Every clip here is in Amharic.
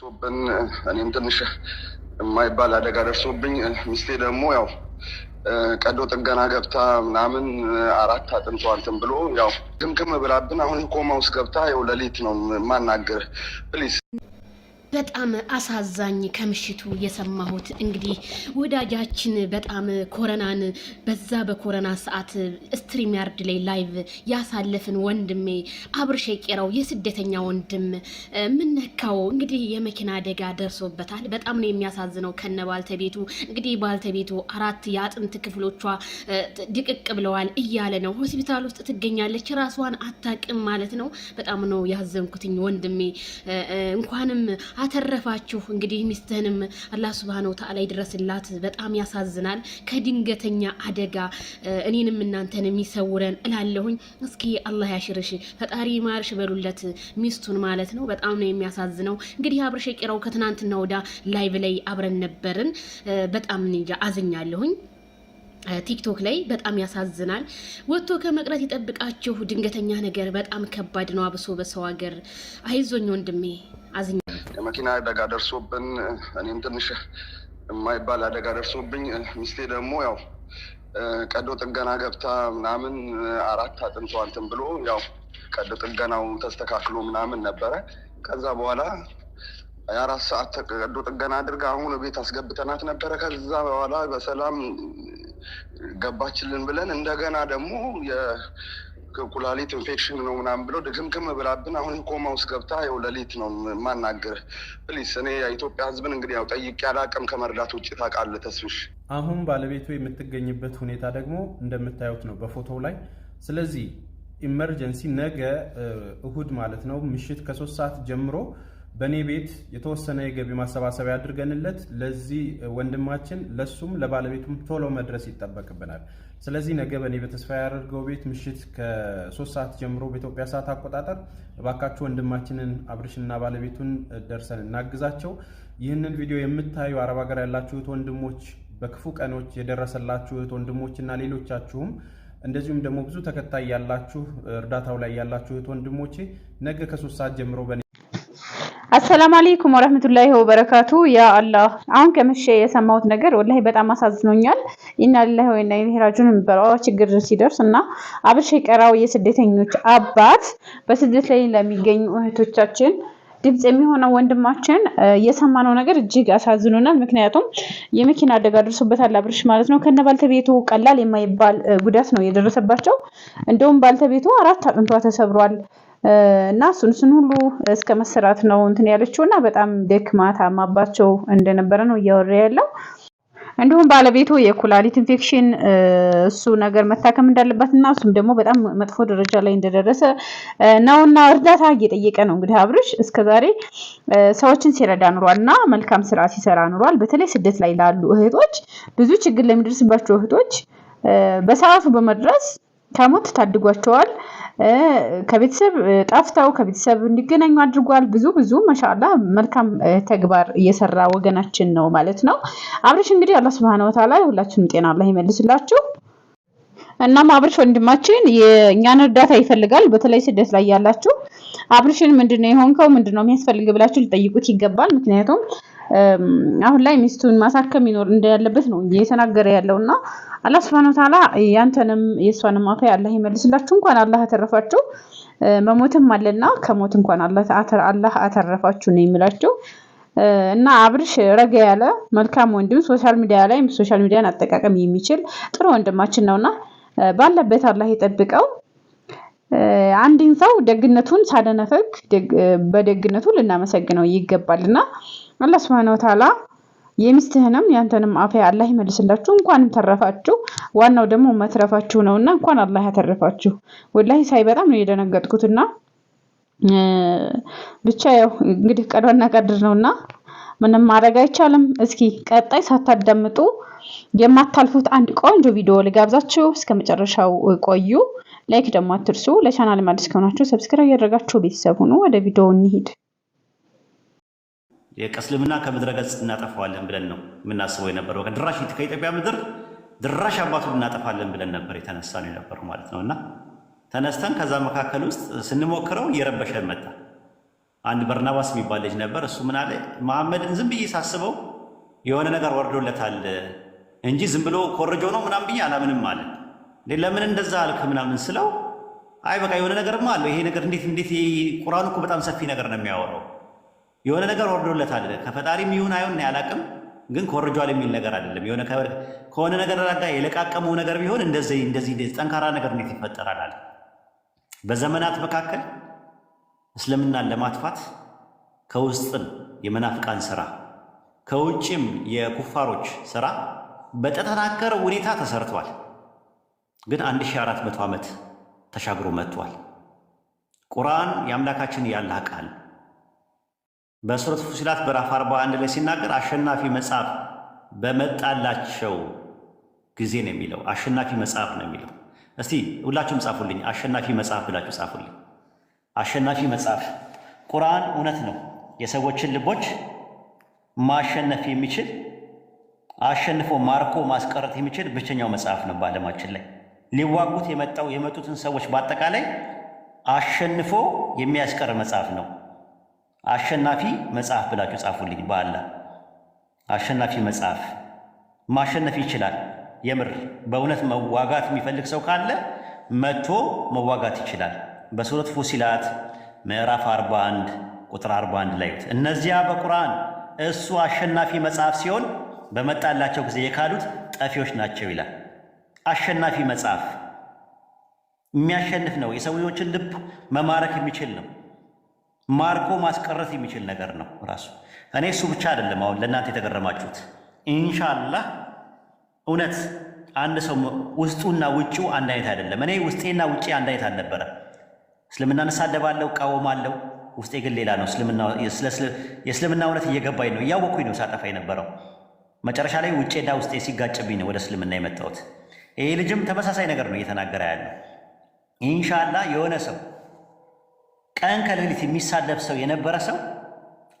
ሶብን እኔም ትንሽ የማይባል አደጋ ደርሶብኝ ሚስቴ ደግሞ ያው ቀዶ ጥገና ገብታ ምናምን አራት አጥንቷልትን ብሎ ያው ክምክም ብላብን አሁን ኮማ ውስጥ ገብታ ያው ሌሊት ነው ማናገር ፕሊስ በጣም አሳዛኝ ከምሽቱ የሰማሁት እንግዲህ ወዳጃችን በጣም ኮረናን በዛ በኮረና ሰዓት ስትሪም ያርድ ላይ ላይቭ ያሳለፍን ወንድሜ አብርሼ ቄራው የስደተኛ ወንድም ምነካው እንግዲህ የመኪና አደጋ ደርሶበታል። በጣም ነው የሚያሳዝነው ከነ ባልተቤቱ እንግዲህ ባልተቤቱ አራት የአጥንት ክፍሎቿ ድቅቅ ብለዋል እያለ ነው። ሆስፒታል ውስጥ ትገኛለች። ራሷን አታቅም ማለት ነው። በጣም ነው ያዘንኩትኝ ወንድሜ እንኳንም አተረፋችሁ። እንግዲህ ሚስትህንም አላህ ሱብሃነሁ ወተዓላ ይድረስላት። በጣም ያሳዝናል። ከድንገተኛ አደጋ እኔንም እናንተንም ይሰውረን እላለሁኝ። እስኪ አላህ ያሽርሽ፣ ፈጣሪ ማርሽ በሉለት ሚስቱን ማለት ነው። በጣም ነው የሚያሳዝነው። እንግዲህ አብርሽ ቂራው ከትናንትና ወዳ ላይቭ ላይ አብረን ነበርን። በጣም እንጃ አዝኛለሁኝ። ቲክቶክ ላይ በጣም ያሳዝናል። ወጥቶ ከመቅረት ይጠብቃችሁ። ድንገተኛ ነገር በጣም ከባድ ነው፣ አብሶ በሰው ሀገር። አይዞኝ ወንድሜ አዝኛ መኪና አደጋ ደርሶብን እኔም ትንሽ የማይባል አደጋ ደርሶብኝ ሚስቴ ደግሞ ያው ቀዶ ጥገና ገብታ ምናምን አራት አጥንቷ እንትን ብሎ ያው ቀዶ ጥገናው ተስተካክሎ ምናምን ነበረ። ከዛ በኋላ የአራት ሰዓት ቀዶ ጥገና አድርጋ አሁን ቤት አስገብተናት ነበረ። ከዛ በኋላ በሰላም ገባችልን ብለን እንደገና ደግሞ ኩላሊት ኢንፌክሽን ነው ምናምን ብለው ድግምግም ብላብን አሁን ኮማ ውስጥ ገብታ ው ለሊት ነው ማናገር። ፕሊስ እኔ የኢትዮጵያ ህዝብን እንግዲህ ያው ያለ አቅም ከመርዳት ውጭ ታውቃለህ ተስፍሽ። አሁን ባለቤቱ የምትገኝበት ሁኔታ ደግሞ እንደምታዩት ነው በፎቶው ላይ። ስለዚህ ኢመርጀንሲ ነገ እሁድ ማለት ነው ምሽት ከሶስት ሰዓት ጀምሮ በእኔ ቤት የተወሰነ የገቢ ማሰባሰቢያ አድርገንለት ለዚህ ወንድማችን ለሱም ለባለቤቱም ቶሎ መድረስ ይጠበቅብናል። ስለዚህ ነገ በእኔ በተስፋ ያደርገው ቤት ምሽት ከሶስት ሰዓት ጀምሮ በኢትዮጵያ ሰዓት አቆጣጠር እባካችሁ ወንድማችንን አብርሽና ባለቤቱን ደርሰን እናግዛቸው። ይህንን ቪዲዮ የምታዩ አረብ ሀገር ያላችሁት ወንድሞች፣ በክፉ ቀኖች የደረሰላችሁት ወንድሞችና ሌሎቻችሁም እንደዚሁም ደግሞ ብዙ ተከታይ ያላችሁ እርዳታው ላይ ያላችሁት ወንድሞቼ ነገ ከሶስት ሰዓት ጀምሮ አሰላም አለይኩም ወራህመቱላሂ ወበረካቱ። ያ አላህ አሁን ከምሼ የሰማሁት ነገር ወላሂ በጣም አሳዝኖኛል። ኢና ሊላሂ ወኢና ኢለይሂ ራጂዑን የሚባለው ችግር ሲደርስ እና አብርሽ የቀራው የስደተኞች አባት በስደት ላይ ለሚገኙ እህቶቻችን ድምጽ የሚሆነው ወንድማችን የሰማነው ነገር እጅግ አሳዝኖናል። ምክንያቱም የመኪና አደጋ ደርሶበታል አብርሽ ማለት ነው። ከነ ባልተቤቱ ቀላል የማይባል ጉዳት ነው የደረሰባቸው። እንደውም ባልተቤቱ አራት አጥንቷ ተሰብሯል። እና እሱን እሱን ሁሉ እስከ መሰራት ነው እንትን ያለችው እና በጣም ደክማ ታማባቸው እንደነበረ ነው እያወራ ያለው። እንዲሁም ባለቤቱ የኩላሊት ኢንፌክሽን እሱ ነገር መታከም እንዳለበት እና እሱም ደግሞ በጣም መጥፎ ደረጃ ላይ እንደደረሰ እና እርዳታ እየጠየቀ ነው። እንግዲህ አብርሽ እስከዛሬ ሰዎችን ሲረዳ ኑሯል እና መልካም ስራ ሲሰራ ኑሯል። በተለይ ስደት ላይ ላሉ እህቶች፣ ብዙ ችግር ለሚደርስባቸው እህቶች በሰዓቱ በመድረስ ከሞት ታድጓቸዋል። ከቤተሰብ ጠፍተው ከቤተሰብ እንዲገናኙ አድርጓል። ብዙ ብዙ መሻላ መልካም ተግባር እየሰራ ወገናችን ነው ማለት ነው። አብርሽ እንግዲህ አላህ ሱብሃነሁ ወተዓላ ሁላችንም ጤና አላህ ይመልስላችሁ። እናም አብርሽ ወንድማችን የእኛን እርዳታ ይፈልጋል። በተለይ ስደት ላይ ያላችሁ አብርሽን ምንድነው የሆንከው? ምንድነው የሚያስፈልግ ብላችሁ ሊጠይቁት ይገባል። ምክንያቱም አሁን ላይ ሚስቱን ማሳከም ይኖር እንዳለበት ነው እየተናገረ ያለው እና አላህ ስብሐነ ወተዓላ ያንተንም የእሷንም አፋ አላህ ይመልስላችሁ። እንኳን አላህ አተረፋችሁ። መሞትም አለና ከሞት እንኳን አላህ አተረፋችሁ ነው የሚላቸው እና አብርሽ ረጋ ያለ መልካም ወንድም ሶሻል ሚዲያ ላይ ሶሻል ሚዲያን አጠቃቀም የሚችል ጥሩ ወንድማችን ነውና ባለበት አላህ ይጠብቀው። አንድን ሰው ደግነቱን ሳደነፈግ በደግነቱ ልናመሰግነው ይገባልና አላህ ስብሐነ ወተዓላ የሚስትህንም ያንተንም አፍያ አላህ ይመልስላችሁ። እንኳንም ተረፋችሁ። ዋናው ደግሞ መትረፋችሁ ነውና እንኳን አላህ ያተረፋችሁ። ወላሂ ሳይ በጣም ነው የደነገጥኩትና ብቻ ያው እንግዲህ ቀዷና ቀድር ነውና ምንም ማድረግ አይቻልም። እስኪ ቀጣይ ሳታዳምጡ የማታልፉት አንድ ቆንጆ ቪዲዮ ልጋብዛችሁ። እስከ መጨረሻው ቆዩ። ላይክ ደግሞ አትርሱ። ለቻናል ማድረስ ከሆናችሁ ሰብስክራይብ ያደረጋችሁ ቤተሰብ ሁኑ። ወደ ቪዲዮ እንሂድ። የቀስልምና ከምድረ ገጽ እናጠፋዋለን ብለን ነው የምናስበው የነበረው። ከድራሽ ከኢትዮጵያ ምድር ድራሽ አባቱን እናጠፋለን ብለን ነበር የተነሳ ነው የነበሩ ማለት ነው። እና ተነስተን ከዛ መካከል ውስጥ ስንሞክረው እየረበሸን መጣ። አንድ በርናባስ የሚባል ልጅ ነበር። እሱ ምን አለ፣ መሐመድን ዝም ብዬ ሳስበው የሆነ ነገር ወርዶለታል እንጂ ዝም ብሎ ኮረጆ ነው ምናምን ብዬ አላምንም አለ። ለምን እንደዛ አልክ ምናምን ስለው፣ አይ በቃ የሆነ ነገርማ አለው ይሄ ነገር እንዴት እንዴት ቁርአን እኮ በጣም ሰፊ ነገር ነው የሚያወራው የሆነ ነገር ወርዶለት ወርዶለታል። ከፈጣሪም ይሁን አይሆን ያላቅም ግን ኮርጇል የሚል ነገር አይደለም። የሆነ ከሆነ ነገር ጋ የለቃቀመው ነገር ቢሆን እንደዚህ እንደዚህ ጠንካራ ነገር እንዴት ይፈጠራል አለ። በዘመናት መካከል እስልምናን ለማጥፋት ከውስጥም የመናፍቃን ስራ ከውጭም የኩፋሮች ስራ በተጠናከረ ሁኔታ ተሰርቷል። ግን 1400 ዓመት ተሻግሮ መጥቷል። ቁርአን የአምላካችን ያላቃል በሱረት ፉሲላት በራፍ 41 ላይ ሲናገር አሸናፊ መጽሐፍ በመጣላቸው ጊዜ ነው የሚለው። አሸናፊ መጽሐፍ ነው የሚለው። እስቲ ሁላችሁም ጻፉልኝ፣ አሸናፊ መጽሐፍ ብላችሁ ጻፉልኝ። አሸናፊ መጽሐፍ። ቁርአን እውነት ነው፣ የሰዎችን ልቦች ማሸነፍ የሚችል አሸንፎ ማርኮ ማስቀረት የሚችል ብቸኛው መጽሐፍ ነው በዓለማችን ላይ ሊዋጉት የመጣው የመጡትን ሰዎች በአጠቃላይ አሸንፎ የሚያስቀር መጽሐፍ ነው። አሸናፊ መጽሐፍ ብላችሁ ጻፉልኝ። በአላህ አሸናፊ መጽሐፍ ማሸነፍ ይችላል። የምር በእውነት መዋጋት የሚፈልግ ሰው ካለ መጥቶ መዋጋት ይችላል። በሱረት ፉሲላት ምዕራፍ 41 ቁጥር 41 ላይ እነዚያ በቁርአን እሱ አሸናፊ መጽሐፍ ሲሆን በመጣላቸው ጊዜ የካሉት ጠፊዎች ናቸው ይላል። አሸናፊ መጽሐፍ የሚያሸንፍ ነው። የሰዎችን ልብ መማረክ የሚችል ነው። ማርኮ ማስቀረት የሚችል ነገር ነው ራሱ። እኔ እሱ ብቻ አይደለም አሁን ለእናንተ የተገረማችሁት። ኢንሻላህ እውነት አንድ ሰው ውስጡና ውጭው አንድ አይነት አይደለም። እኔ ውስጤና ውጭ አንድ አይነት አልነበረ። እስልምና እሳደባለሁ፣ እቃወማለሁ። ውስጤ ግን ሌላ ነው። የእስልምና እውነት እየገባኝ ነው፣ እያወኩኝ ነው ሳጠፋ የነበረው። መጨረሻ ላይ ውጭና ውስጤ ሲጋጭብኝ ነው ወደ እስልምና የመጣሁት። ይሄ ልጅም ተመሳሳይ ነገር ነው እየተናገረ ያለው። ኢንሻላህ የሆነ ሰው ቀን ከሌሊት የሚሳለፍ ሰው የነበረ ሰው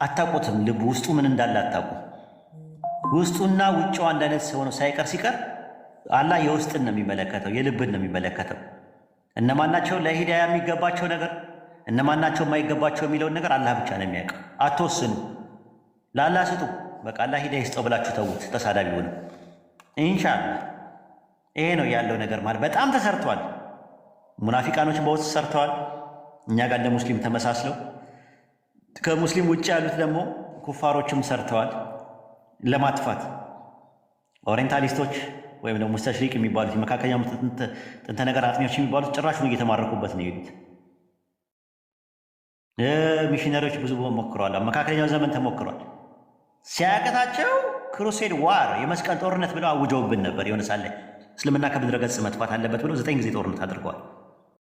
አታውቁትም። ልቡ ውስጡ ምን እንዳለ አታውቁ። ውስጡና ውጭው አንድ አይነት ሰው ነው ሳይቀር ሲቀር አላህ የውስጥን ነው የሚመለከተው፣ የልብን ነው የሚመለከተው። እነማናቸው ለሂዳያ የሚገባቸው ነገር እነማናቸው የማይገባቸው የሚለውን ነገር አላህ ብቻ ነው የሚያውቀው። አትወስኑ፣ ለአላህ ስጡ። በቃ አላህ ሂዳያ ይስጠው ብላችሁ ተዉት። ተሳዳቢ ሆነ እንሻላ ይሄ ነው ያለው ነገር ማለት በጣም ተሰርቷል። ሙናፊቃኖች በውስጥ ሰርተዋል። እኛ ጋር እንደ ሙስሊም ተመሳስለው ከሙስሊም ውጭ ያሉት ደግሞ ኩፋሮችም ሰርተዋል ለማጥፋት ኦሪንታሊስቶች ወይም ደግሞ ሙስተሽሪቅ የሚባሉት የመካከለኛ ጥንተ ነገር አጥኚዎች የሚባሉት ጭራሹን እየተማረኩበት ነው የሄዱት። ሚሽነሪዎች ብዙ ሞክረዋል። መካከለኛው ዘመን ተሞክሯል። ሲያቀታቸው ክሩሴድ ዋር የመስቀል ጦርነት ብለው አውጀውብን ነበር። የሆነ ሳለ እስልምና ከምድረ ገጽ መጥፋት አለበት ብለው ዘጠኝ ጊዜ ጦርነት አድርገዋል።